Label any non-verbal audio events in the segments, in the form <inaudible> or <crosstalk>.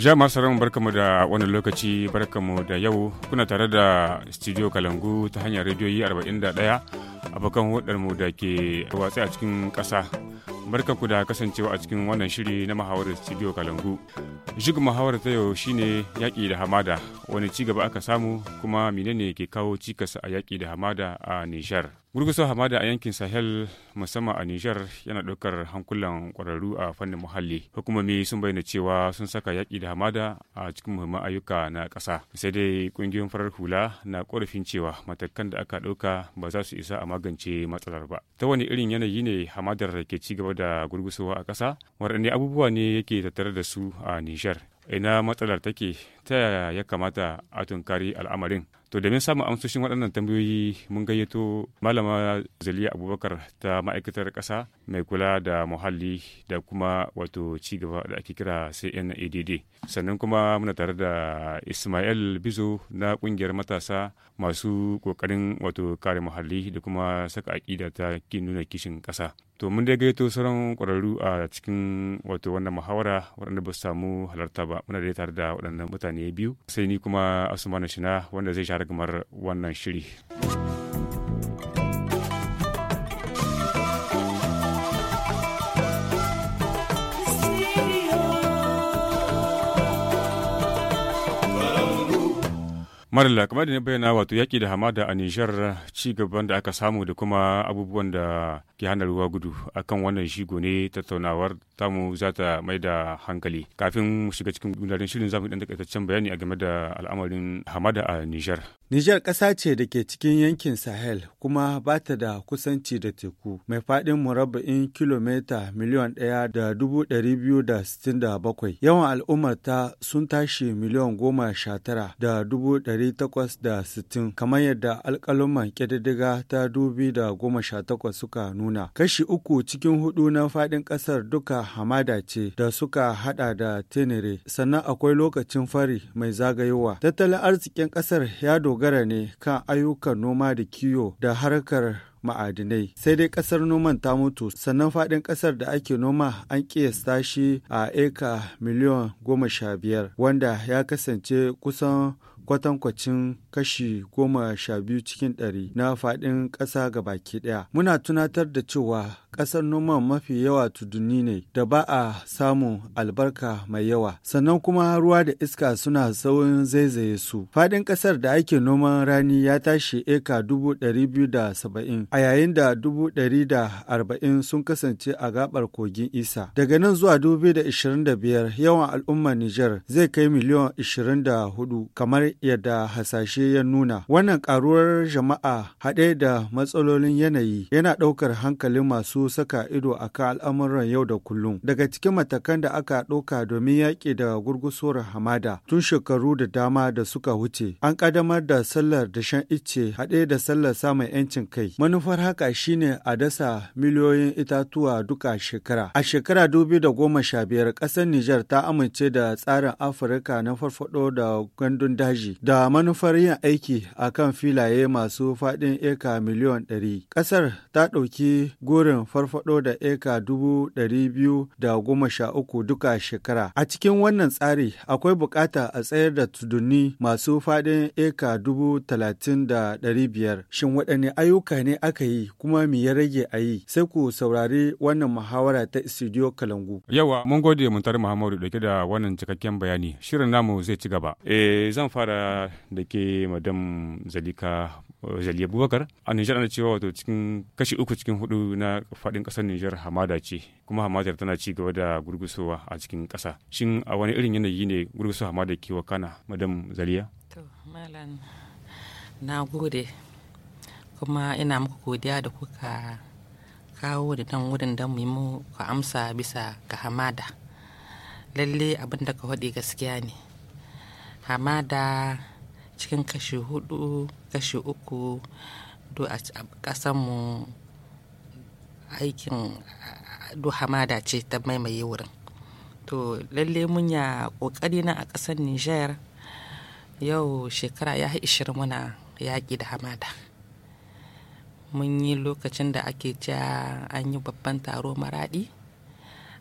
Jami'ar Sararin barkamu da wannan lokaci barkamu da yau kuna tare da Studio Kalangu ta hanyar rediyoyi 41 abokan hudarmu da ke watsi a cikin ƙasa barka ku da kasancewa a cikin wannan shiri na muhawarar studio kalangu jig muhawarar ta yau shine yaƙi da hamada wani ci gaba aka samu kuma menene ke kawo cikas a yaƙi da hamada a nishar gurgusa hamada a yankin sahel musamman a nishar yana ɗaukar hankulan ƙwararru a fannin muhalli hukumomi sun bayyana cewa sun saka yaƙi da hamada a cikin muhimman ayyuka na ƙasa sai dai ƙungiyoyin farar hula na ƙorafin cewa matakan da aka ɗauka ba za su isa a magance matsalar ba ta wani irin yanayi ne hamadar ke ci gaba da gurgusowa a ƙasa waɗanne abubuwa ne yake tattare da su a nijar ina matsalar take ta yaya ya kamata a tunkari al'amarin to domin samun amsoshin waɗannan tambayoyi mun gayyato malama zaliya abubakar ta ma'aikatar ƙasa mai kula da muhalli da kuma wato cigaba da ake kira cnadd sannan kuma muna tare da ismail bizo na ƙungiyar matasa masu ƙoƙarin wato kare muhalli da kuma saka aƙida ta nuna kishin ƙasa to mun dai gaito sauran kwararru a cikin wato wannan muhawara waɗanda ba su samu halarta ba muna da tare da waɗannan mutane biyu sai ni kuma asumana shina wanda zai share gamar wannan shiri marla kamar da na bayyana wato yaƙi da hamada a nijar ci gaban da aka samu da kuma abubuwan da ke hana ruwa gudu akan wannan shigo ne tattaunawar tamu za ta mai da hankali kafin mu shiga cikin gudanar shirin zamu dan takaitaccen bayani a game da al'amarin hamada a Niger Niger ƙasa ce da ke cikin yankin Sahel kuma ba ta da kusanci da teku mai faɗin murabba'in kilomita miliyan ɗaya da dubu ɗari biyu da sittin da bakwai yawan al'ummar ta sun tashi miliyan goma sha tara da dubu ɗari takwas da sittin kamar yadda alƙaluman ƙididdiga ta dubi da goma sha takwas suka nuna nuna kashi uku cikin hudu na faɗin ƙasar duka hamada ce da suka hada da tenere sannan akwai lokacin fari mai zagayowa tattalin arzikin ƙasar ya dogara ne kan ayyukan noma da kiwo da harkar ma'adinai sai dai kasar noman ta mutu sannan faɗin kasar da ake noma an kiyasta shi a eka miliyan goma sha biyar wanda ya kasance kusan kwatankwacin kashi goma sha biyu cikin ɗari na faɗin ƙasa baki ɗaya. Muna tunatar da cewa ƙasar noma mafi yawa tuduni ne da ba a samu albarka mai yawa, sannan kuma ruwa da iska suna saurin zaizaye su. Faɗin ƙasar da ake noman rani ya tashi eka dubu ɗari biyu da saba'in, a yayin da dubu ɗari da arba'in sun kasance a gaɓar kogin Isa. Daga nan zuwa dubu da ishirin da biyar yawan al'ummar Nijar zai kai miliyan ishirin da hudu kamar yadda hasashe ya nuna. Wannan karuwar jama'a haɗe da matsalolin yanayi yana ɗaukar hankalin masu saka ido a kan al'amuran yau da kullum. Daga cikin matakan da aka ɗauka domin yaƙi da gurgusuwar hamada tun shekaru da dama da suka wuce. An ƙaddamar da sallar da shan icce haɗe da sallar samun 'yancin kai. Manufar haka shine a dasa miliyoyin itatuwa duka shekara. A shekara da goma sha biyar ƙasar Nijar ta amince da tsarin Afirka na farfaɗo da gandun daji. yaji da manufar yin aiki a kan filaye masu faɗin eka miliyon 100. Ƙasar ta ɗauki gurin farfaɗo da eka dubu biyu da goma sha uku duka shekara. A cikin wannan tsari akwai bukata a tsayar da tudunni masu faɗin eka dubu talatin da biyar. Shin waɗanne ayyuka ne aka yi kuma me ya rage a yi? Sai ku saurari wannan muhawara ta Studio Kalangu. Yawa mun gode Muntari Muhammadu dauke da wannan cikakken bayani. Shirin namu zai ci gaba. Eh zan fara kara da ke madam zalika eh, zali abubakar a nijar ana cewa wato cikin kashi uku cikin hudu na faɗin kasar nijar hamada ce kuma hamadar tana ci gaba da gurgusowa a cikin kasa shin a wani irin yanayi ne gurgusowa hamada ke wakana madam zaliya to malam na gode kuma ina muku godiya da kuka kawo da nan wurin don mu yi muku amsa bisa ga hamada lalle abin da ka faɗi gaskiya ne hamada cikin kashi hudu kashi uku do a kasanmu aikin do hamada ce ta maimaye wurin to lalle munya kokari na a ƙasar niger yau shekara ya ishirin muna yaƙi da hamada mun yi lokacin da ake ja an yi babban taro maraɗi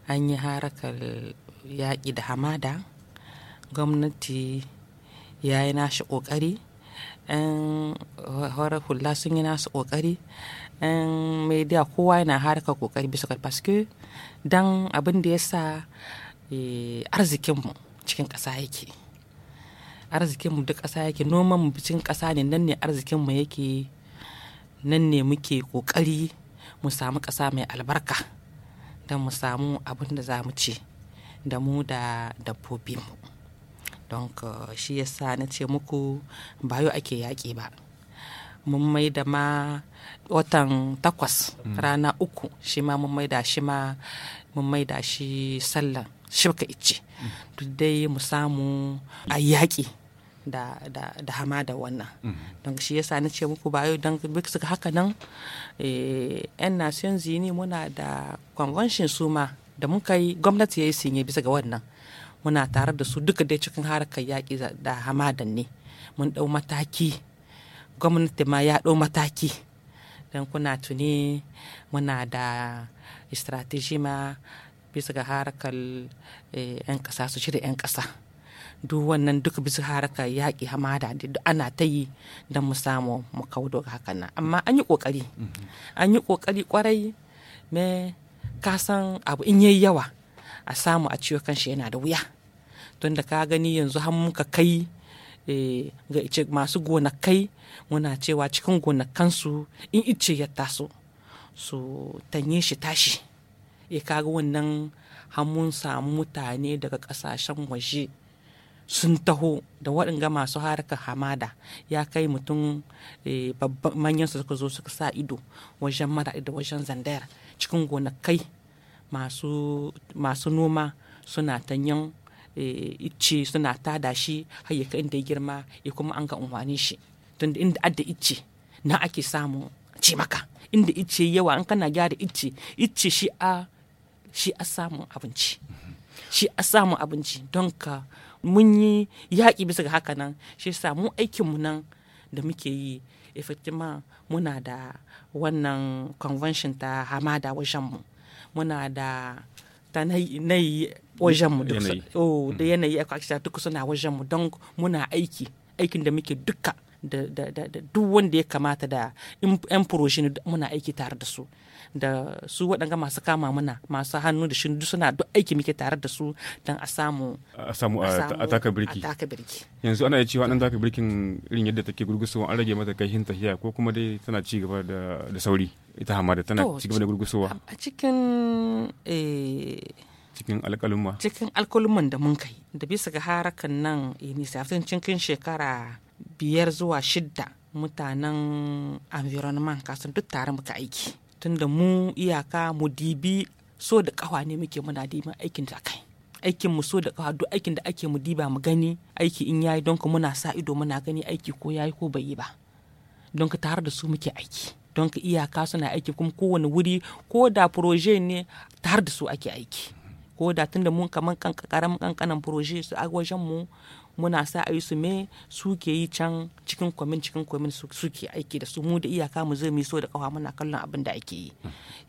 an yi harakar yaƙi da hamada gwamnati ya yi nashi ƙoƙari yan horar hula sun yi nasu kokari yan media kowa yana harka kokari bisa paske don abin da ya sa eh, arzikinmu cikin ƙasa yake arzikinmu duk ƙasa yake noman mu cikin ƙasa ne nan ne arzikinmu yake nan ne muke ƙoƙari mu samu ƙasa mai albarka don mu samu abin da za mu ci da mu da dabbobinmu don shi yasa na ce muku bayo ake yaƙi ba mun mai da ma watan takwas mm. rana uku shi ma mun mai da shi ma mun mai da shi sallan shirka ice mm. duk dai mu samu a yaƙi da, da, da hamada wannan mm -hmm. don shi yasa na ce muku bayo don suka haka nan eh, yan nasiyon zini muna da convention su ma da muka yi gwamnati ya yi sinye bisa ga wannan muna tare da su duka dai cikin harkar yaƙi da hamadan ne mun ɗau mataki gwamnati ma ya ɗau mataki don kuna tuni muna da strategy ma bisa ga harkar 'yan eh, ƙasa su shirya 'yan ƙasa duk wannan duk bisa harkar yaƙi hamada duk ana ta yi don mu samu mu kaudo ga hakan nan amma an yi ƙoƙari mhm. an yi ƙoƙari ƙwarai me ka san abu in yayi yawa a samu a ciwo kanshi yana da wuya tunda da ka gani yanzu har muka kai eh, ga ice masu gonakai muna cewa cikin gonakansu in ice ya taso su tanye shi tashi e kaga wannan hamun samu mutane daga kasashen waje sun taho da waɗanga masu harkar hamada ya kai mutum eh, babban manyan su suka zo suka sa ido wajen mara da wajen zandayar cikin gonakai masu, masu noma suna ta yan eh, ice suna ta da shi har ya kai da girma ya kuma an ga unhwanin shi tun inda adda ice na ake samu ci maka inda ice yawa an kana gyara ice ice shi a shi a samun abinci shi a samun abinci don ka mun yi yaƙi bisa ga haka nan shi aikin mu aikinmu nan da muke yi effectivement muna da wannan convention ta hamada wajenmu muna da ta nayi wajen mu oh, mm-hmm. da yanayi aka duk suna wajenmu don muna aiki aikin da muke duka da duk wanda ya kamata da yan furoshi muna aiki tare da su da su waɗanga masu kama muna masu hannu da shi suna duk aiki muke tare da su don a samu a samu a taka birki yanzu ana cewa nan taka birkin irin yadda take gurgusu an rage mata kai hin tafiya ko kuma dai tana ci gaba da sauri ita hamada tana cikin da gurgusowa a cikin eh, cikin alkalumma cikin alkalumman da mun kai da bisa ga harakan nan eh, nisa a cikin shekara biyar zuwa shidda mutanen environment kasan duk tare muka aiki tunda mu iyaka mu dibi so da kawa ne muke muna diban aikin da kai aikin mu so da kawa duk aikin da ake mu diba mu gani aiki in yayi don muna sa ido muna gani aiki ko yayi ko bai yi ba don ka tare da su muke aiki don ka iyaka suna aiki kuma kowane wuri ko da proje ne ta da su ake aiki ko da tunda mun kaman karamin kankanan proje su a wajen mu muna sa a yi su me suke yi can cikin kwamin cikin kwamin suke aiki da su mu da iyaka mu zai so da kawa muna kallon abin da ake yi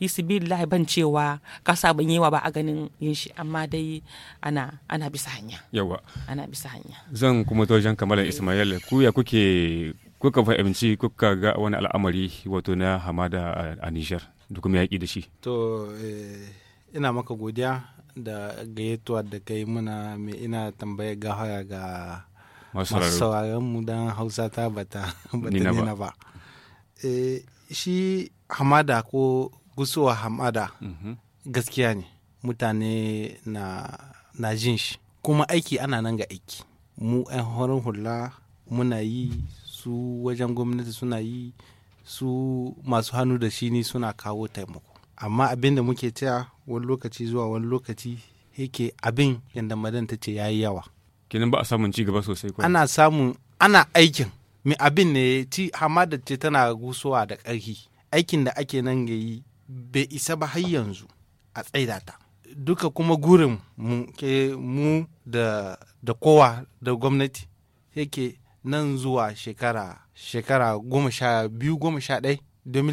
yi bi lahi ban cewa kasa ban yawa ba a ganin yin shi amma dai ana ana bisa hanya yawa ana bisa hanya zan kuma tojan jan ismail ku ya kuke kuka fahimci kuka ga wani al'amari wato na hamada a Nijar duk kuma yaƙi da shi. To eh, ina maka godiya da gayyatuwa da kai muna mai ina tambaya haya ga masu sauraron mu don hausa ta bata nina ba. Eh, shi hamada ko gusowa hamada mhm. gaskiya ne mutane na jin shi kuma aiki ana nan ga aiki. Mu 'yan horon hula muna yi su wajen gwamnati suna yi su masu hannu da shi ni suna kawo taimako amma abin da muke cewa wani lokaci zuwa wani lokaci yake abin yadda madan ta ce ya yi yawa kenan ba a samun ci gaba sosai ana samun ana aikin mai abin ne ci hamada ce tana gusowa da ƙarfi aikin da ake nan ga yi bai isa ba har yanzu a tsaida duka kuma gurin mu ke mu da da kowa da gwamnati yake nan zuwa shekara shekara goma sha biyu goma sha ɗai dubu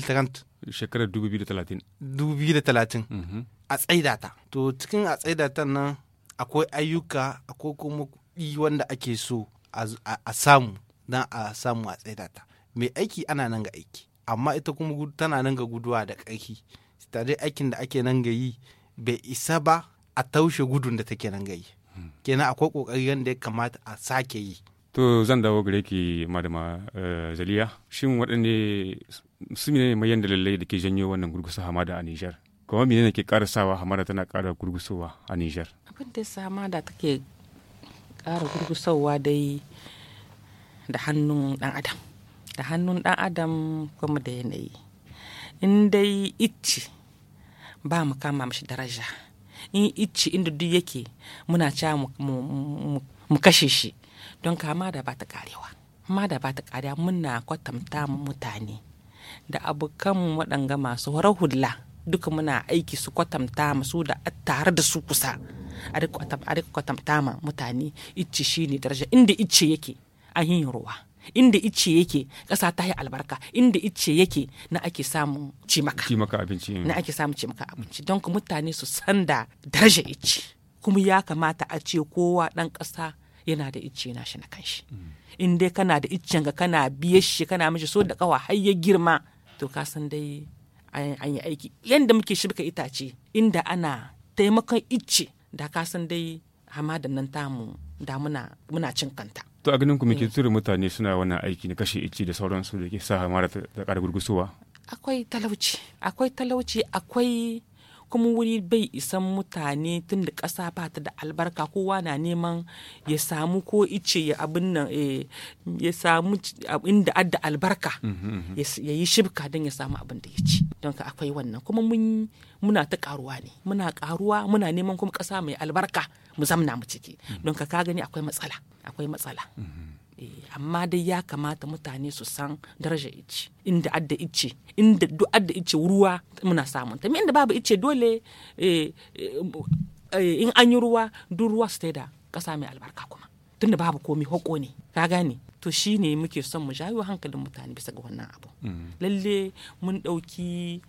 shekarar da talatin. Mhm. a tsaida ta to cikin a tsaida ta nan akwai ayyuka akwai kuma kuɗi wanda ake so a samu don a samu a tsaida ta mai aiki ana nan ga aiki amma ita kuma tana nan ga guduwa da ƙarfi tare aikin da ake nan ga yi bai isa ba a taushe gudun da take nan ga yi hmm. kenan akwai ƙoƙari yadda ya kamata a sake yi to zan dawo gare ki madama eh, zaliya shin waɗanne su ne mayan lallai da ke janyo wannan gurgusa hamada a nijar kuma mene ne ke karasawa hamada tana kara gurgusowa a nijar abin da yasa hamada take kara gurgusowa dai da hannun dan adam da hannun dan adam kuma da yanayi in dai icci ba mu kama mashi daraja in icci inda duk yake muna cewa mu kashe shi don kama da ba ta karewa ma da ba ta karewa muna kwatanta mutane da abokan waɗanga masu horar hula duka muna aiki su kwatanta masu da tare da su kusa a rika kwatanta ma mutane icce shi ne daraja inda icce yake an yin ruwa inda icce yake ƙasa ta yi albarka inda icce yake na ake samun cimaka cimaka abinci na ake samun cimaka abinci don ku mutane su san da daraja icce kuma ya kamata a ce kowa ɗan ƙasa yana da icce na shi na kanshi mm. in dai kana da iccen ka kana biye shi kana mishi so da kawa har ya girma to ka san dai an yi aiki yanda muke shirka itace inda ana taimakon icce da ka san dai hamadan nan tamu da muna muna cin kanta to a ganin ku muke mm. tura mutane suna wannan aiki na kashe icce da sauransu da ke sa hamada ta ƙara gurgusowa akwai talauci akwai talauci akwai kuma wuri bai isan mutane tun da ƙasa ba da albarka kowa na neman ya samu ko ice ya abin nan eh, ya samu da adda albarka mhm, mhm. ya yi shibka don ya samu abin da ya ci don ka akwai wannan kuma mun muna ta karuwa ne muna karuwa muna neman kuma ƙasa mai albarka mu zamna mu ciki mhm. don ka ka gani akwai matsala akwai matsala Eh, amma dai ya kamata mutane su san daraja ice inda adda ice inda duk adda ice ruwa muna samun ta inda babu ice dole eh, eh, in an yi ruwa duk ruwa su da kasa mai albarka kuma tunda babu komi hoko ne ka gane to shi ne muke son mu jawo hankalin mutane bisa ga wannan abu mm. lalle mun ɗauki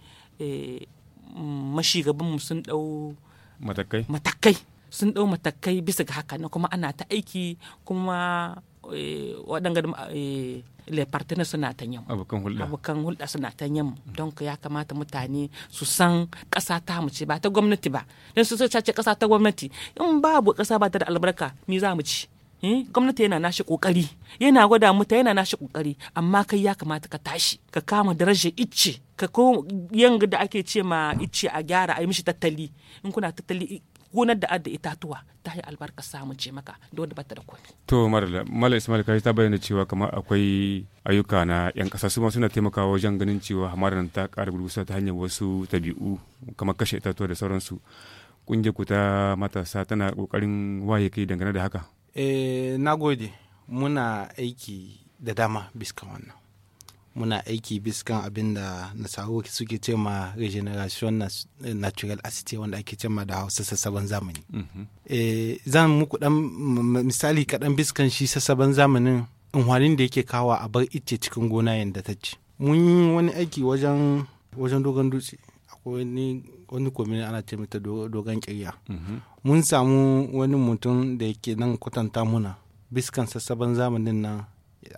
gabanmu sun ɗau matakai matakai sun ɗau matakai bisa ga haka na kuma ana ta aiki kuma Eh, waɗanda eh, le partenaire suna ta yamma abokan hulɗa abokan hulɗa suna ta yamma don ya kamata mutane su san ƙasa ta mu ce ba ta gwamnati ba don su ce ƙasa ta gwamnati in babu ƙasa ba ta da albarka me za mu ci eh, gwamnati yana nashi kokari yana gwada muta yana nashi kokari amma kai ya kamata ka tashi ka kama darajar icce ka ko yanga da ake ce ma icce a gyara a yi mishi tattali in kuna tattali gonar da adda itatuwa ta yi albarka samun ce maka da wanda bata da komi. To Mala Ismail Kashi ta bayyana cewa kamar akwai ayyuka na 'yan ƙasa su suna taimakawa wajen ganin cewa hamarar ta ƙara gurgusa ta hanyar wasu tabi'u kamar kashe itatuwa da sauransu. Ƙungiyar ku ta matasa tana ƙoƙarin waye kai dangane da haka. Eh, na gode muna aiki da dama biskan wannan. muna aiki biskan abin da nasaru suke ce ma regeneration natural asite wanda ake ce ma da hausa sassaban zamani mhm. eh, zan muku dan misali kaɗan biskan shi sassaban zamanin inhwanin da yake kawo a bar icce cikin gona yadda ta ci mun yi wani aiki wajen dogon dutse akwai wani komini ana ce mata dogon kirya mhm. mun samu wani mutum da yake nan kwatanta muna biskan sassaban zamanin nan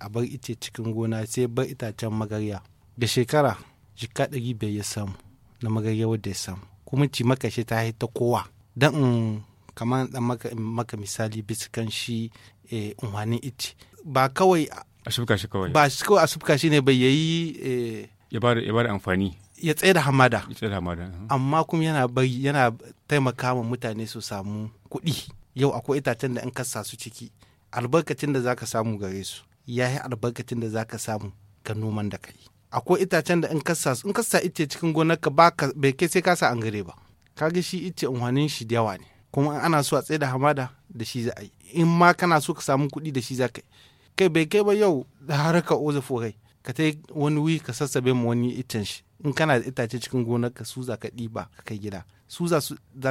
a bar ice cikin gona sai bar itacen magarya da shekara jika ɗari biyar ya samu na magarya wadda ya samu kuma ci makashi ta haita kowa don in kamar dan maka, misali bisa kan shi eh, unhwanin ice ba kawai a shubka shi kawai ba shi kawai a shubka shi ne bai yayi eh, ya ba da amfani ya tsaye da hamada ya tsaye da hamada amma kuma yana bari yana taimaka wa mutane su samu kuɗi yau akwai itacen da in kasa su ciki albarkacin da zaka samu gare su ya yi albarkacin da za ka samu ga noman da ka yi akwai itacen da in kasa in kasa ice cikin gonarka ba bai kai sai kasa an gare ba kaga shi ice unhwanin shi da yawa ne kuma in ana so a tsaye da hamada da shi za a yi in ma kana so ka samu kuɗi da shi za ka yi kai bai kai ba yau da haraka oza fogai ka ta wani wi ka sassabe ma wani icen shi in kana da itace cikin gonarka su za ka ɗiba ka kai gida su za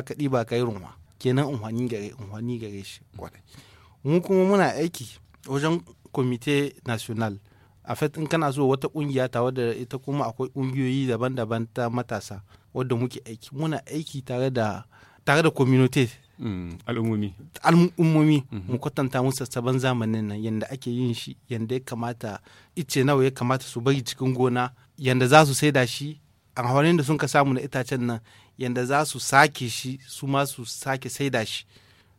ka ɗiba ka yi runwa kenan unhwani gare unhwani gare shi kwarai mu kuma muna aiki wajen komite national a fait in kana so wata kungiya ta wadda ita kuma akwai kungiyoyi daban-daban ta matasa wadda muke aiki muna aiki tare da tare da community mm, al'ummomi al'ummomi mhm. mu kwatanta musu sabon zamanin nan yanda ake yin shi yanda ya kamata ice nawa ya kamata su bari cikin gona yanda za su saida shi a hawanin da sun ka samu na itacen nan yanda za su sake shi su ma su sake saida shi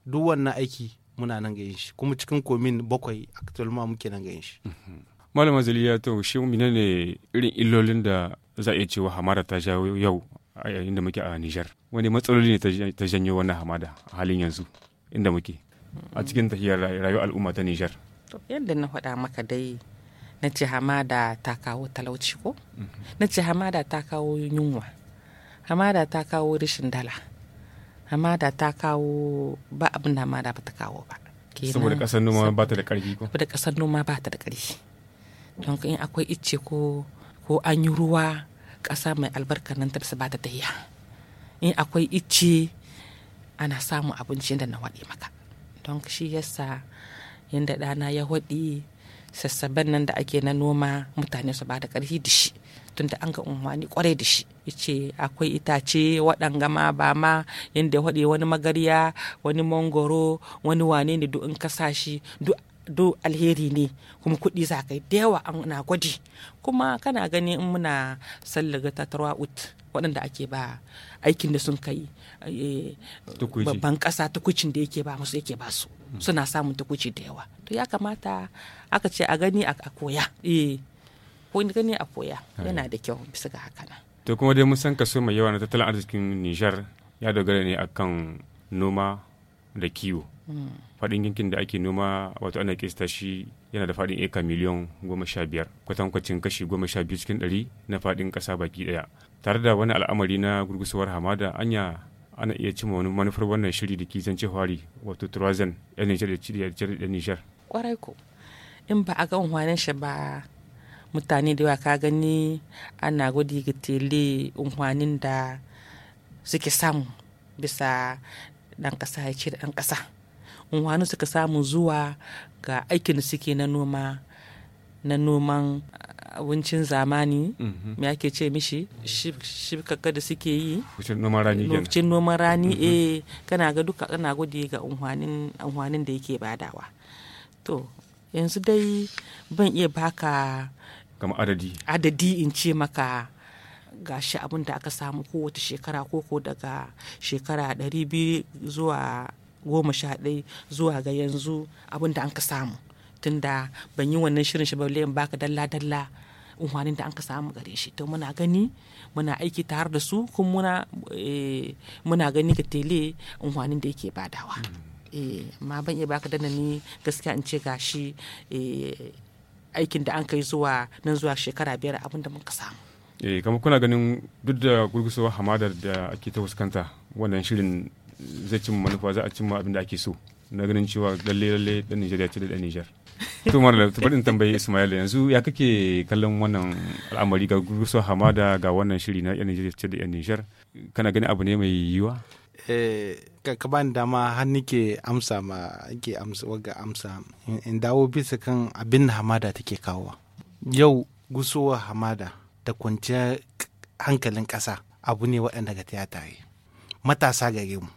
duk wannan aiki muna nan gayin shi kuma cikin komin bakwai actual ma muke nan gayin shi mhm. Azali ya to shi ne irin illolin da za a iya cewa hamada ta jawo yau a yayin da muke a Nijar wani matsaloli ne ta janyo wannan hamada a halin yanzu inda muke a cikin tafiyar rayuwar al'umma ta Nijar yadda na faɗa maka dai na ce hamada ta kawo talauci ko mhm. na ce hamada ta kawo yunwa hamada ta kawo rashin dala hamada ta kawo ba abin da da ba ta kawo ba saboda kasar noma ba ta da karfi ko saboda kasar noma ba ta da karfi don in akwai icce ko ko an yi ruwa kasa mai albarka nan ta ba ta tahiya in akwai icce ana samun abinci da na waɗe maka don shi yasa yadda ɗana ya waɗi sassaben nan da ake na noma mutane su ba da ƙarfi da shi tunda an ga unhwani kwarai da shi ce akwai itace waɗanga ma ba ma yadda waɗe wani magarya wani mangoro wani wane ne duk in kasa shi do alheri ne kuma kuɗi za ka yi da yawa na gwaji kuma kana gani in muna sallaga ta ut waɗanda ake ba aikin da sun kai eh, babban ƙasa tukucin da yake ba musu yake ba su hmm. suna samun tukuci da yawa to ya kamata aka ce a gani a koya eh. ko gani a koya yana da kyau bisa ga haka nan to kuma dai mun san kaso mai yawa na tattalin arzikin Nijar ya dogara ne akan noma da kiwo hmm. faɗin yankin da ake noma wato ana kista shi yana da faɗin eka miliyan goma sha biyar kwatankwacin kashi goma sha biyu cikin ɗari na faɗin ƙasa baki ɗaya tare da wani al'amari na gurgusuwar hamada anya ana iya cimma wani manufar wannan shiri da kisan hwari wato turazan yan nijar da nijar kwarai ko in ba a ga unhwanin shi ba mutane da yawa ka gani ana gudi ga tele unhwanin da suke samu bisa dan kasa ya ce da dan kasa unhwanin suka samu zuwa ga aikin da suke na noma na noman abincin zamani mhm. me ake ce mishi shibkakka da suke yi wucin noman rani mhm. eh kana ga duka kana gudi ga unhwanin da yake badawa to yanzu dai ban iya baka kama adadi adadi in ce maka gashi abin da aka samu kowace shekara koko daga shekara 200 zuwa goma sha ɗai zuwa ga yanzu abin da an ka samu tun da ban yi wannan shirin shi balle in baka dalla dalla unhwanin da an ka samu gare shi to muna gani muna aiki tare da su kuma muna eh, muna gani ga tele unhwanin da yake badawa hmm. eh, ma ban iya baka dana ni gaskiya in ce gashi eh aikin da an kai zuwa nan zuwa shekara biyar abin da muka samu eh kama kuna ganin duk da gurgusowar hamadar da ake ta fuskanta wannan shirin zai cimma manufa za a cimma abin da ake so na ganin cewa lalle lalle da Nijar ya ce da dan Nijar <laughs> to mallam to bari tambaye Ismail yanzu ya kake kallon wannan al'amari ga gurgusowar hamada ga wannan shiri na Nijeriya Nijar ya ce da kana ganin abu ne mai yiwuwa Eh, ka bani dama har nike amsa ma ke amsa amsa in dawo bisa kan abin da hamada take kawo yau gusowa hamada da kwanciyar hankalin kasa abu ne waɗanda ga tiyata yi matasa gare mu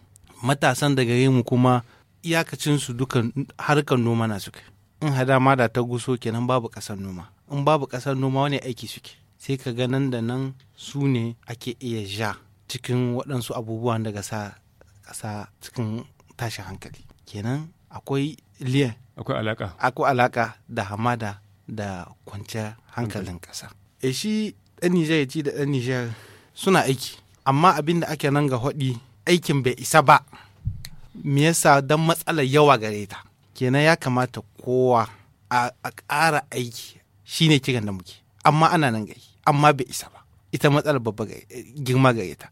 matasan da gare mu kuma iyakacinsu dukan harkar noma na suke in hada ma ta guso kenan babu kasar noma in babu kasar noma wani aiki suke sai ka ga nan da nan su ne ake iya ja cikin waɗansu abubuwan daga sa ƙasa cikin tashin hankali kenan akwai liya akwai alaka akwai alaka da hamada da kwanciyar hankalin ƙasa e shi ɗan nijar ci da ɗan nijar suna aiki amma abin da ake nan ga haɗi aikin bai isa ba me yasa don matsalar yawa gare ta kenan ya kamata kowa a ƙara aiki shine kiran da muke amma ana nan gai amma bai isa ba ita matsalar babba eh, girma gare ta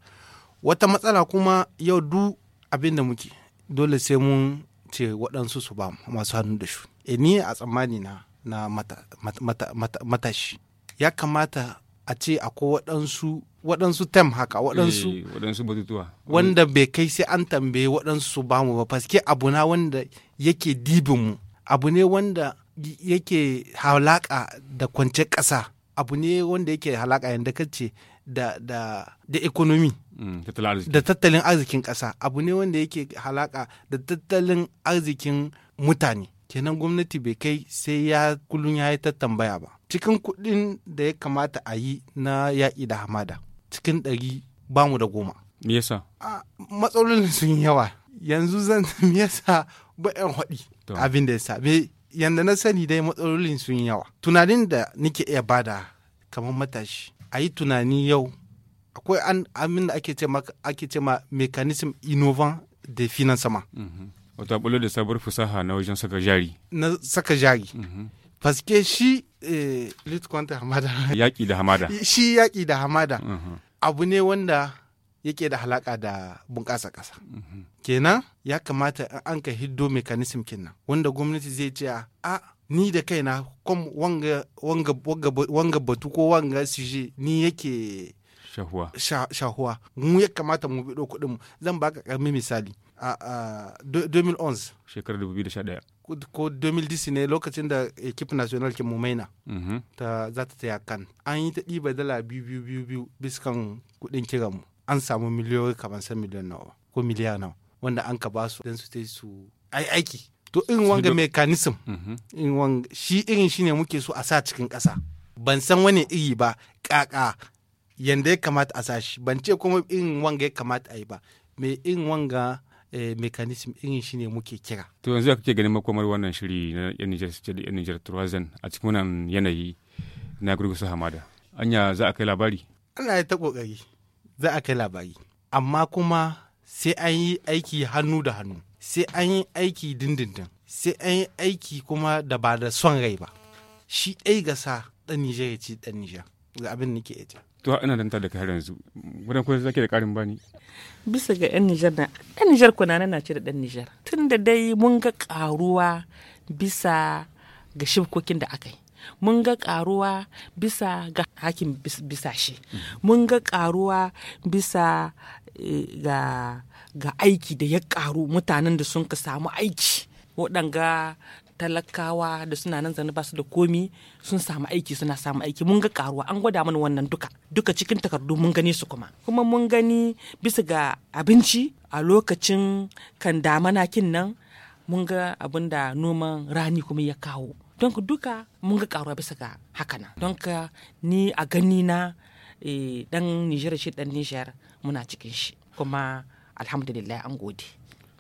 wata matsala kuma yau du abin da muke dole sai mun ce waɗansu su ba masu hannu da shu e eh, ni a tsammani na na matashi ya kamata a ce akwai waɗansu waɗansu tem haka waɗansu eh, waɗansu batutuwa wanda bai kai sai an tambaye waɗansu su ba mu ba faske abu na wanda yake dibin mu abu ne wanda yake halaka da kwance ƙasa abu ne wanda yake halaka yadda kace da da da economy mm, da tattalin arzikin kasa abu ne wanda yake halaka da tattalin arzikin mutane kenan gwamnati bai kai sai ya kullum ya yi tambaya ba cikin kuɗin da ya kamata a yi na yaƙi da hamada cikin ɗari ba mu da goma me yasa matsalolin sun yawa yanzu zan <laughs> me yasa ba yan haɗi abin da yasa me yanda na sani dai matsalolin sun yawa tunanin da nake iya bada kamar matashi a yi tunani yau akwai an amin da ake ce ma ake ce ma mechanism innovant de financement mhm. wata bulo da sabuwar fusaha na wajen saka jari na saka jari mhm. paske shi eh, lit kwanta hamada <laughs> yaƙi da hamada shi yaƙi da hamada mhm. abu ne wanda yake da halaka da bunƙasa ƙasa kenan ya kamata an ka hiddo mechanism kenan wanda gwamnati zai ce a ni da kaina kom wanga wanga wanga batu ko wanga suje ni yake shahuwa shahuwa mu ya kamata mu bi kuɗin mu zan baka karmi misali a, a 2011 shekarar 2011 ko 2010 ne lokacin da equipe national ke mumaina mhm. ta za ta taya kan an yi ta ɗiba dala biyu biyu biyu biyu biskan kuɗin kira mu an samu miliyoyi kamar san miliyan nawa ko miliyan nawa wanda an ka ba su dan su su ai aiki to irin wanga mekanism mhm. irin wanga shi irin shi ne muke so a sa cikin ƙasa ban san wani iri ba ƙaƙa yanda ya kamata a sa shi ban ce kuma irin wanga ya kamata a yi ba me irin wanga eh, mekanism irin shi ne muke kira to yanzu ya kake ganin makomar wannan shiri na yan Niger yan a cikin wannan yanayi na gurgusa hamada anya za a kai labari Allah ya ta kokari za a kai labari amma kuma sai an yi aiki hannu da hannu sai an yi aiki dindindin sai an yi aiki kuma da ba da son rai ba shi ɗai ga sa ɗan nijar ya ci ɗan nijar ga abin nake ita to ina danta da kai yanzu wadan kuma zake da karin bani bisa ga ɗan Nijar na ɗan Nijar kuna na ce da ɗan Nijar da dai mun ga karuwa bisa ga shibkokin da aka yi mun ga karuwa bisa ga hakim bisa shi mm. mun ga karuwa bisa eh, ga ga aiki da ya karu mutanen da sun ka samu aiki waɗanga talakawa da suna nan zane ba su da komi sun samu aiki suna samu aiki mun ga karuwa an gwada mana wannan duka duka cikin takardu mun gani su kuma kuma mun gani bisa ga abinci a lokacin kan damana kin nan mun ga abin da noman rani kuma ya kawo don duka mun ga karuwa bisa ga haka nan don ka ni a gani na dan eh, nijar shi dan nijar muna cikin shi kuma alhamdulillah an gode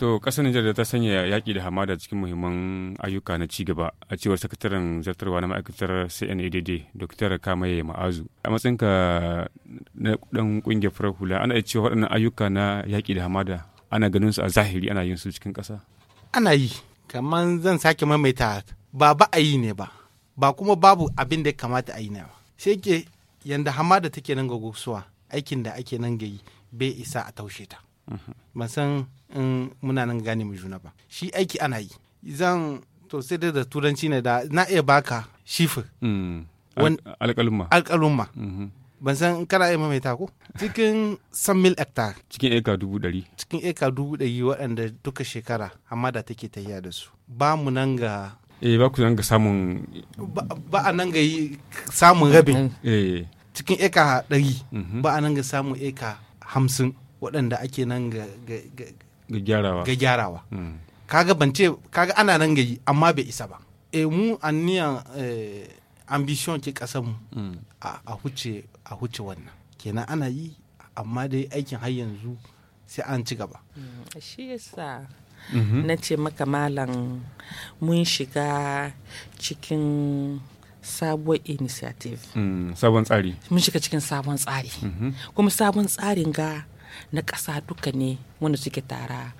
to kasar Nijar da ta sanya yaƙi da hamada cikin muhimman ayyuka na ci gaba a cewar sakataren zartarwa na ma'aikatar CNADD Dr. Kamaye Ma'azu a matsayinka na ɗan ƙungiyar farar hula ana iya cewa waɗannan ayyuka na yaƙi da hamada ana ganin su a zahiri ana yin su cikin ƙasa ana yi kamar zan sake maimaita ba ba a yi ne ba ba kuma babu abin da kamata a yi ne ba sai ke yanda hamada take nan ga gosuwa aikin da ake nan ga yi bai isa a taushe ta ban san in muna nan gane mu juna ba shi aiki ana yi zan to sai dai da turanci ne da na iya baka shifir mm. alƙalumma alƙalumma mm-hmm. ban san kana iya maimaita ko cikin san mil hectare cikin eka dubu ɗari cikin eka dubu ɗari waɗanda duka shekara amma da take tahiya da su ba mu nan ga eh ba ku nan ga samun ba a nan ga samun rabin eh. cikin eka ɗari mm-hmm. ba a nan ga samun eka hamsin waɗanda ake nan ga gyarawa hmm. kaga bance kaga ana nan ga yi amma bai isa ba eh mu aniyan eh, ambition ke ƙasar mu hmm. a huce a huce wannan kenan ana yi amma dai aikin har yanzu sai an ci gaba hmm, shi yasa mm-hmm. na ce maka malam mun shiga cikin sabuwar initiative sabon tsari mun shiga cikin sabon tsari mm-hmm. kuma sabon tsarin ga na ƙasa duka ne wanda suke tara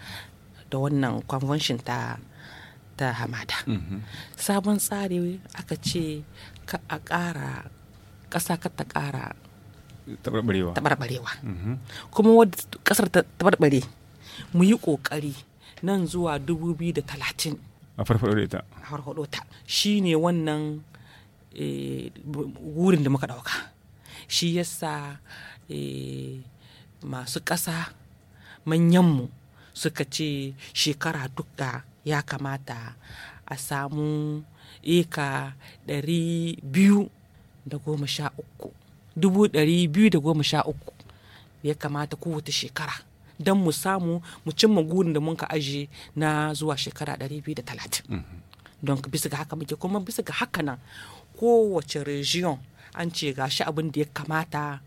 da wannan convention ta ta hamada mhm. sabon tsari aka ce ka a ƙara ƙasa ka ta ƙara tabarbarewa mhm. kuma wadda ƙasar ta tabarbare mu yi ƙoƙari nan zuwa 2030 a farfaɗo ta a farfaɗo ta shi ne wannan eh, wurin da muka ɗauka shi yasa eh, masu ƙasa manyanmu suka ce shekara duka ya kamata a samu eka ɗari biyu da goma sha uku dubu ɗari biyu da goma sha uku ya kamata kowace shekara don mu samu mu cimma gurin da mun ka aje na zuwa shekara ɗari biyu da talatin mhm. don bisa ga haka muke kuma bisa ga haka nan kowace region an ce gashi abin da ya kamata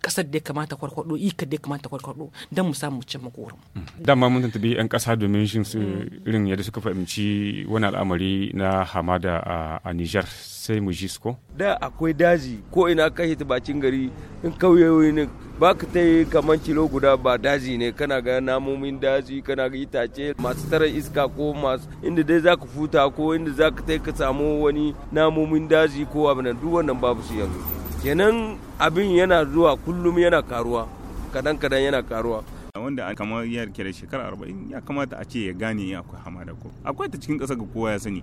kasar da ya kamata kwarkwado ika da ya kamata kwarkwado don mu samu cin makorin. Mm. dama mun tuntubi 'yan kasa domin shi su mm. irin yadda suka fahimci wani al'amari na hamada a nijar sai mu ji da akwai daji ko ina kai ta bacin gari in kauyoyi ne ba ka ta yi kamar kilo guda ba daji ne kana ga namomin daji kana ga itace masu tara iska ko masu inda dai za ka futa ko inda za ka ta ka samu wani namomin daji ko abin duk wannan babu su yanzu. kenan abin yana zuwa kullum yana karuwa kadan kadan yana karuwa wanda kamar ya rike da shekara arba'in ya kamata a ce ya gane ya akwai hamada ko akwai ta cikin ƙasa ga kowa ya sani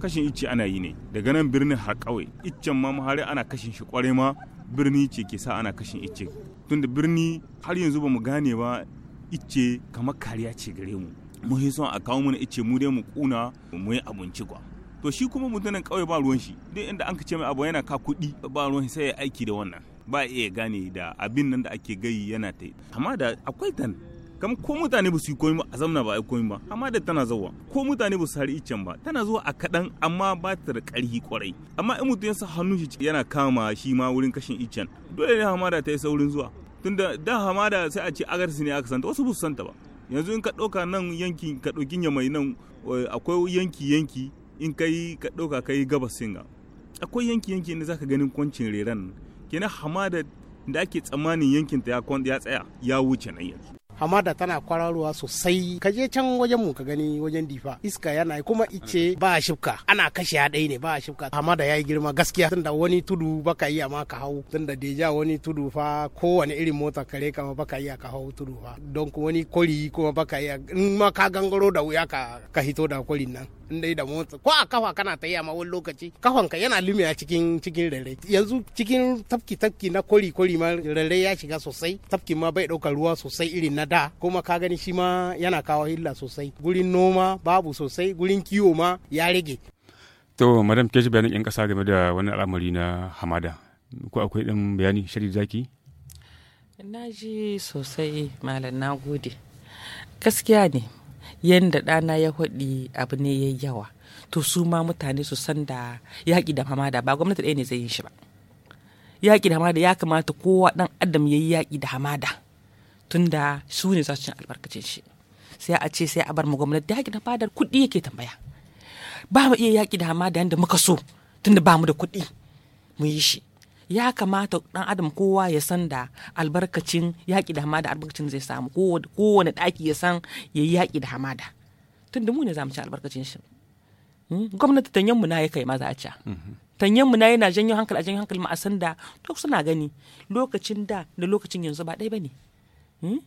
kashin icce ana yi ne daga nan birnin har ƙauye iccen ma har ana kashin shi kwarai ma birni ce ke sa ana kashin icce tunda birni har yanzu ba mu gane ba icce kamar kariya ce gare mu mu son a kawo mana icce mu dai mu kuna mu yi abinci kwa to shi kuma mutanen kawai ba ruwan shi duk inda an ka ce mai abu yana ka kuɗi ba ruwan shi sai ya aiki da wannan ba iya gane da abin nan da ake gayi yana ta amma da akwai tan kam ko mutane ba su yi komi ba a zamna ba a yi komi ba amma da tana zuwa ko mutane ba su hari icen ba tana zuwa a kaɗan amma ba ta da ƙarfi kwarai amma in mutum ya sa hannun shi yana kama shi ma wurin kashin icen dole ne hamada ta yi saurin zuwa tunda da hamada sai a ce agarsu ne aka santa wasu ba su santa ba yanzu in ka ɗauka nan yankin ka ɗauki yamai nan akwai yanki yanki in ka yi ka ɗauka ka gabas singa akwai yanki yanki ne zaka ganin kwancin reran kenan hamada da ake tsammanin yankin ta ya tsaya ya wuce nan yanzu hamada tana kwararowa sosai ka je can wajen mu ka gani wajen difa iska yana kuma ice ba a shifka ana kashe ya ne ba a shifka hamada ya yi girma gaskiya tunda wani tudu baka yi amma ka hau tunda deja wani tudu fa kowane irin mota kare kama baka yi ka hau tudu fa don wani kori kuma baka yi in ma ka gangaro da wuya ka hito da kwarin nan in dai da motsa ko a kafa kana ta yi a wani lokaci kafanka yana lumiya cikin cikin rere yanzu cikin tafki tafki na kori kori ma rere ya shiga sosai tafki ma bai ɗaukar ruwa sosai irin na da kuma ka gani shi ma yana kawo illa sosai gurin noma babu sosai gurin kiwo ma ya rage to madam ke bayanin yan kasa game da wani al'amari na hamada ko akwai ɗan bayani shari zaki na ji sosai malam na gode gaskiya ne yadda ɗana ya faɗi abu ne ya yawa to su ma mutane su san da yaƙi da hamada ba gwamnati ɗaya ne zai yi shi ba yaƙi da hamada ya kamata kowa ɗan adam ya yi yaƙi da hamada tunda su ne za su cin albarkacin shi sai a ce sai a bar mu gwamnati yaƙi da hamada kuɗi yake tambaya ba mu iya yaƙi da hamada yadda muka so tunda ba mu da kuɗi mu yi shi ya kamata dan adam kowa ya san da albarkacin yaƙi da hamada albarkacin zai samu kowane ɗaki ya san ya yi yaƙi da hamada tunda mu ne za mu ci albarkacin shi hmm? gwamnati tanyen mu na ya kai maza a ca mhm. tanyen mu na yana janyo hankali a janyo hankali ma a san da to suna gani lokacin da da lokacin yanzu ba ɗaya ba ne hmm?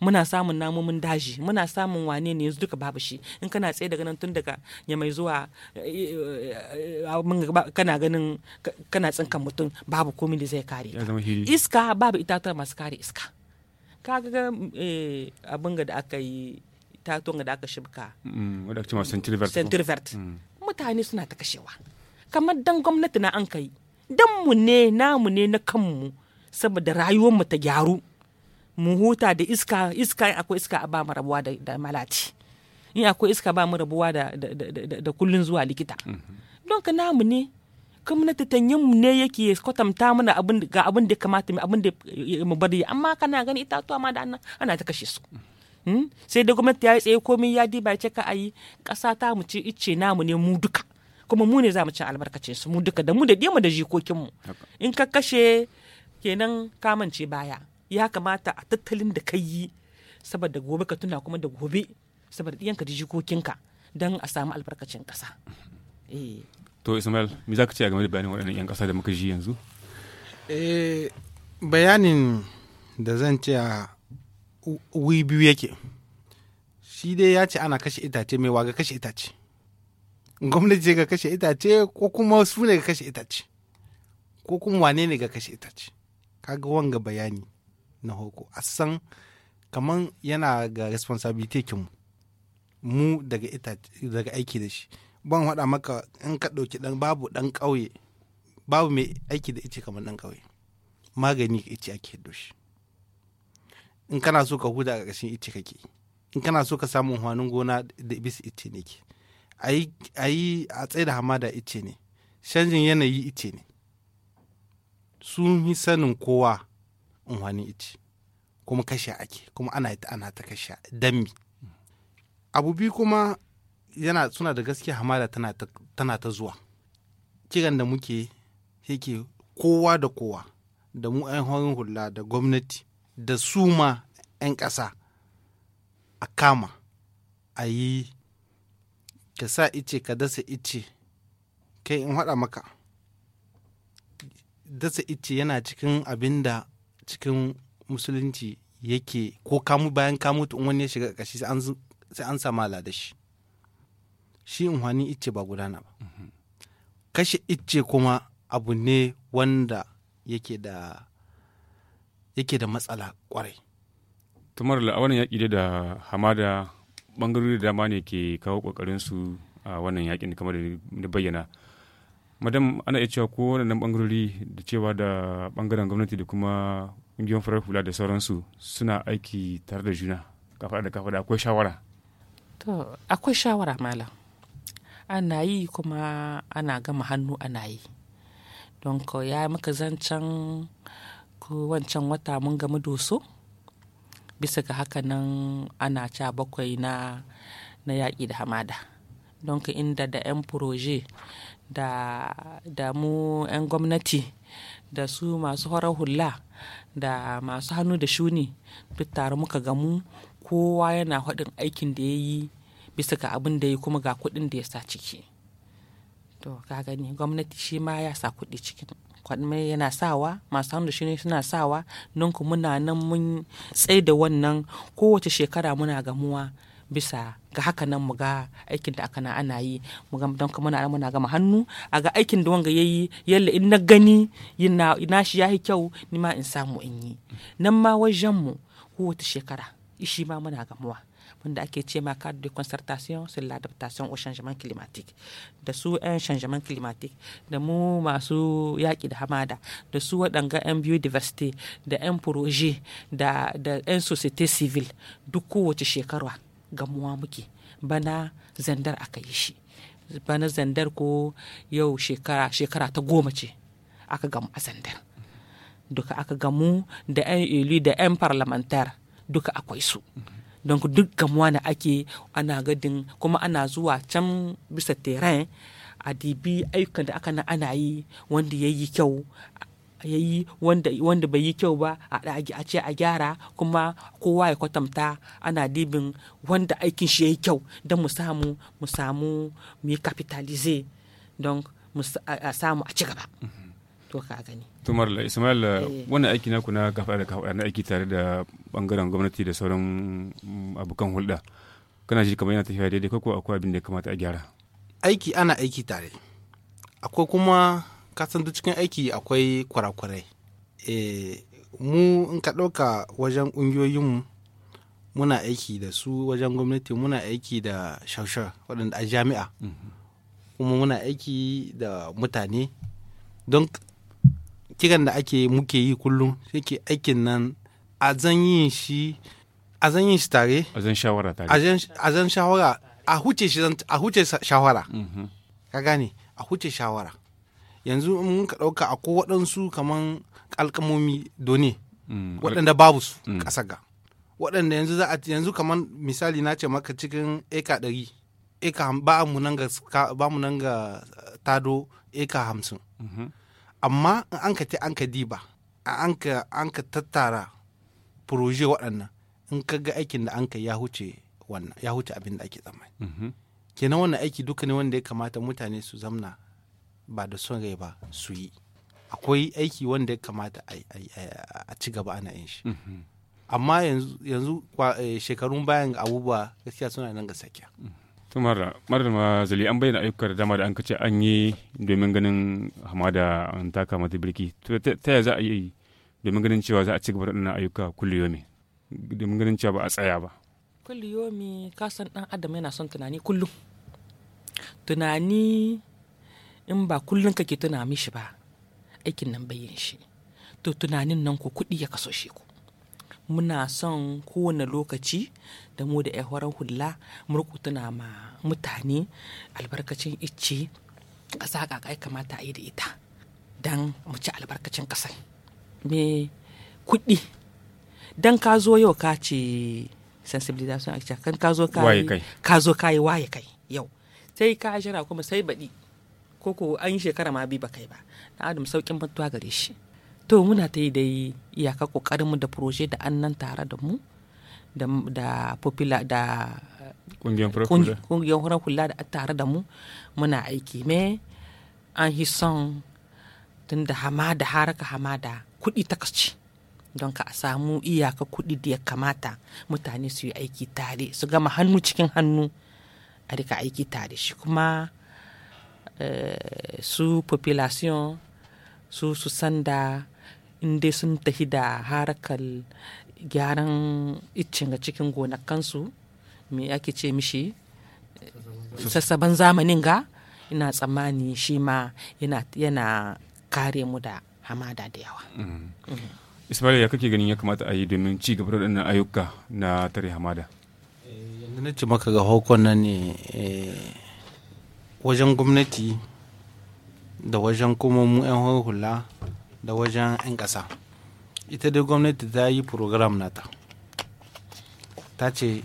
muna samun namomin daji muna samun wane ne yanzu duka babu shi in kana tsaye daga nan tun daga ya mai zuwa eh, eh, eh, kana ganin kana tsinkan mutum babu komai da zai kare iska babu itatuwa masu kare iska kaga abin da aka yi itatuwan da aka shibka centrivert mm. mutane suna ta kashewa kamar dan gwamnati na an kai dan mu ne namu ne na kanmu saboda rayuwar mu ta gyaru mu huta da iska iska akwai iska ba mu rabuwa da malati in akwai iska ba mu rabuwa da da kullun zuwa likita don ka namu ne gwamnati ta mu ne yake kwatanta mana abin ga abin da kamata abin da mu bari amma kana gani itatuwa ma da ana ta kashe su hmm? sai da gwamnati ya yi tsaye komai ya diba ce ka yi ƙasa ta mu ci ice namu ne mu duka kuma mu ne za mu ci albarkacin su mu duka da mu da mu da jikokin mu in ka kashe kenan kamance baya ya kamata a tattalin da ka yi saboda gobe ka tuna kuma da gobe saboda ɗiyanka da jikokinka don a samu albarkacin ƙasa. Eh. To Ismail, me za ka ce game da bayanin waɗannan 'yan ƙasa da muka ji yanzu? Eh, bayanin da zan ce a wi biyu yake. Shi dai ya ce ana kashe itace mai waga kashe itace. Gwamnati ce ga kashe itace ko kuma su ne ga kashe itace. Ko kuma wane ne ga kashe itace. Kaga wanga bayani. na hoko a san kaman yana ga responsibility kinmu mu daga ita daga aiki da shi ban faɗa maka in ka ɗauki dan babu dan ƙauye babu mai aiki da ice kamar dan ƙauye magani ka ice ake hiddo shi in kana so ka huda a ƙarshen ice kake in kana so ka samu hannun gona da bisa ice ne ke a yi a tsaye da hamada ice ne canjin yanayi ice ne sun yi sanin kowa wani ici kuma kashe ake kuma ana ta ana ta kashe dambi abu biyu kuma yana suna da gaskiya hamada tana ta, zuwa kiran da muke yake kowa da kowa da mu ɗan hawan hula da gwamnati da su ma 'yan ƙasa a kama a yi ka sa ice ka dasa ice kai in haɗa maka dasa ice yana cikin abin da cikin musulunci yake ko kamu bayan kamu in wani ya shiga kashi sai an sama da shi shi in icce ba gudana ba kashe icce kuma abu ne wanda yake da yake da matsala kwarai tumar a wannan yaƙi da hamada bangarori da dama ne ke kawo ƙoƙarinsu a wannan yaƙin kamar da bayyana madam ana iya cewa ko wannan bangarori da cewa da bangaren gwamnati da kuma ƙungiyoyin farar hula da sauransu suna aiki tare da juna kafa da da akwai shawara to akwai shawara mala ana yi kuma ana gama hannu ana yi don ya muka zancen ko wancan wata mun gama doso bisa ga haka nan ana ca bakwai na na yaƙi da hamada don ka inda da 'yan proje. da, da mu 'yan gwamnati da su masu horar hula da masu hannu da shuni duk tare muka gamu kowa yana haɗin aikin da ya yi bisa ga abin da ya kuma ga kuɗin da ya sa ciki to ka gani gwamnati shi ma ya sa kuɗi cikin kwadmai yana sawa masu hannu da shuni suna sawa nan ku muna nan mun tsaye da wannan kowace shekara muna gamuwa bisa ga haka nan mu ga aikin da aka na ana yi mu ga don kuma muna muna gama hannu a ga aikin da wanga yayi yalla in na gani ina na shi yayi kyau ni ma in samu in yi nan ma wajen mu wata shekara ishi ma muna gamuwa wanda ake ce ma cadre de concertation sur l'adaptation au changement climatique da su 'yan changement climatique da mu masu yaki da hamada da su waɗanga 'yan biodiversity da 'yan projet da 'yan société civile duk kowace shekara gamuwa muke bana zandar aka yi shi bana zandar ko yau shekara shekara ta goma ce aka gamu a zandar duka aka gamu da 'yan ili da 'yan parlamentar duka akwai su don duk gamuwa na ake ana gadin kuma ana zuwa can bisa teren a dibi ayyukan da aka na ana yi wanda ya yi kyau ya yi wanda, bai yi kyau ba a ce a gyara kuma kowa ya kwatanta ana dibin wanda aikin shi ya yi kyau don mu samu mu samu mu yi kapitalize don a samu a ci gaba to ka gani tumar la ismail eh. wani aiki na kuna gafa da kafa na aiki tare da bangaren gwamnati da sauran mm, abokan hulɗa kana ji kamar yana tafiya daidai ko akwai abin da ya kamata a gyara aiki ana aiki tare akwai kuma kasan duk cikin aiki akwai kurakurai e, mu in ka ɗauka wajen ƙungiyoyinmu muna aiki da su wajen gwamnati muna aiki da shaushar waɗanda a jami'a kuma muna aiki da mutane don kiran da ake muke yi kullum sai aikin nan a zan yin shi a zan yin shi tare a zan shawara a huce shawara mhm. ka gane a huce shawara yanzu mun ka ɗauka ko waɗansu kamar alkamomi doni mm, waɗanda babu su mm. ƙasa ga waɗanda yanzu za a yanzu kamar misali na ce maka cikin eka ɗari eka ba mu nan ga ba mu nan ga eh, tado eka hamsin mm-hmm. amma in an ka te an ka diba an ka an ka tattara proje waɗannan in ka ga aikin da an ka ya huce wannan ya huce abin da ake tsammani mm-hmm. kenan wannan aiki duka ne wanda ya kamata mutane su zamna ba da son rai ba su yi akwai aiki wanda ya kamata a ci gaba ana yin shi mm-hmm. amma yanzu eh, shekarun bayan abubuwa gaskiya suna nan ga sakya mm-hmm. tumara marar mazali an bayyana ayyuka da dama da an kace an yi domin ganin hamada an taka mata birki ta yaya za a yi domin ganin cewa za a ci gaba da ɗana ayyuka kulliyomi domin ganin cewa ba a tsaya ba kulliyomi kasan ɗan adam yana son tunani kullum tunani in ba kullum kake tuna mishi ba aikin nan bayan shi to tunanin nan ku kuɗi ya kaso shi ku muna son kowane lokaci da mu da 'yar horon hula murku tuna ma mutane albarkacin icce ƙasa ƙaƙai kamata a yi da ita don mu ci albarkacin ƙasar me kuɗi don ka zo yau ka ce sensibilization a kan ka zo ka yi waye kai yau sai ka jira kuma sai baɗi ko ko an shekara ma bi ba kai ba na adam saukin mantuwa gare shi to muna ta yi dai iyaka kokarin mu da proje da annan tare da mu da da popular da kungiyar hura hula da tare da mu muna aiki me an hi son tun da hamada haraka hamada kuɗi takaci don ka a samu iyaka kuɗi da ya kamata mutane su yi aiki tare su gama hannu cikin hannu a rika aiki tare shi kuma Eh, su population su su sanda inda sun tafi da harakar gyaran iccin ga cikin gonakansu me ake ce mishi sassaban zamanin ga ina tsammani shi ma yana kare mu da hamada da yawa mm-hmm. Mm-hmm. ismail ya kake ganin ya kamata a yi domin ci gaba da ayyuka na tare hamada eh, yanzu na ci maka ga hokon nan ne eh, wajen gwamnati da wajen kuma mu 'yan hula da wajen 'yan ƙasa ita dai gwamnati ta yi program nata ta ce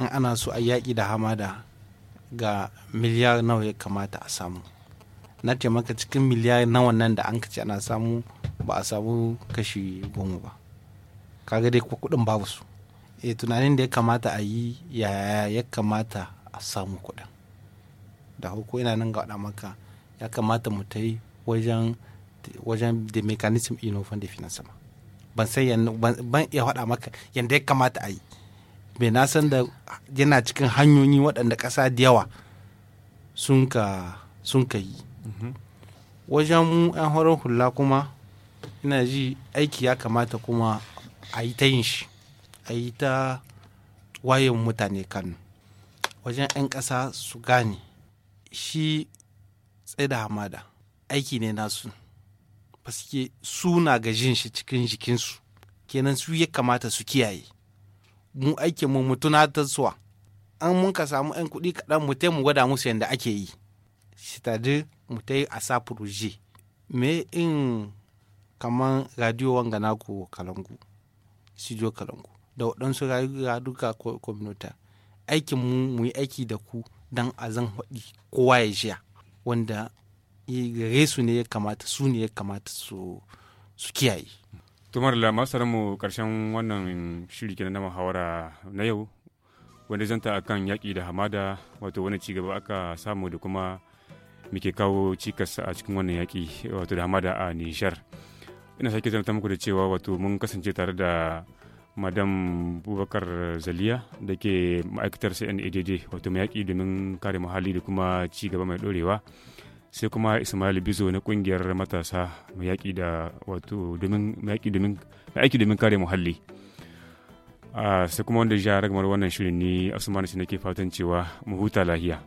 in ana so a yaƙi da hamada ga miliyar nawa ya kamata a samu na ce maka cikin miliyar nawa nan da an ce ana samu ba a samu kashi goma ba kaga dai kuɗin babu su e tunanin da ya kamata a yi yaya ya kamata a samu kuɗin da hauko ina nan ga waɗa maka ya kamata mu ta yi wajen wajen da mechanism inofan da ban sai ban iya faɗa maka yadda ya kamata a yi na san da yana cikin hanyoyi waɗanda ƙasa da yawa sun ka yi mm-hmm. wajen mu 'yan horon hula kuma ina ji aiki ya kamata kuma a yi ta yin shi a yi ta wayan mutane kanu wajen 'yan ƙasa su gane shi tsaida hamada aiki ne nasu paske su na gajin shi cikin jikinsu kenan su ya kamata su kiyaye mu aikin mu mutuna ta suwa an mun ka samu 'yan kuɗi kaɗan mu mu gwada musu yadda ake yi shi tadi mu ta yi a sa furuji me in kamar radio wanga ku kalangu studio kalangu da waɗansu rayuwa duka communautaire aikin mu mu yi aiki da ku dan a zan haɗi kowa ya jiya wanda gare su ne ya kamata su ne ya kamata su kiyaye tumar la masu mu karshen wannan shiri kenan na muhawara na yau wanda zanta kan yaƙi da hamada wato wani cigaba aka samu da kuma muke kawo cikas a cikin wannan yaƙi wato da hamada a nishar ina sake zanta muku da cewa wato mun kasance tare da madam bubakar zaliya da ke ma'aikatar cnadd wato mai yaƙi domin kare muhalli da kuma ci gaba mai ɗorewa sai kuma ismail bizo na ƙungiyar matasa mai yaƙi da wato domin aiki domin kare muhalli sai kuma wanda ya ragamar wannan shirin ne asuma na ke fatan cewa mu huta lahiya.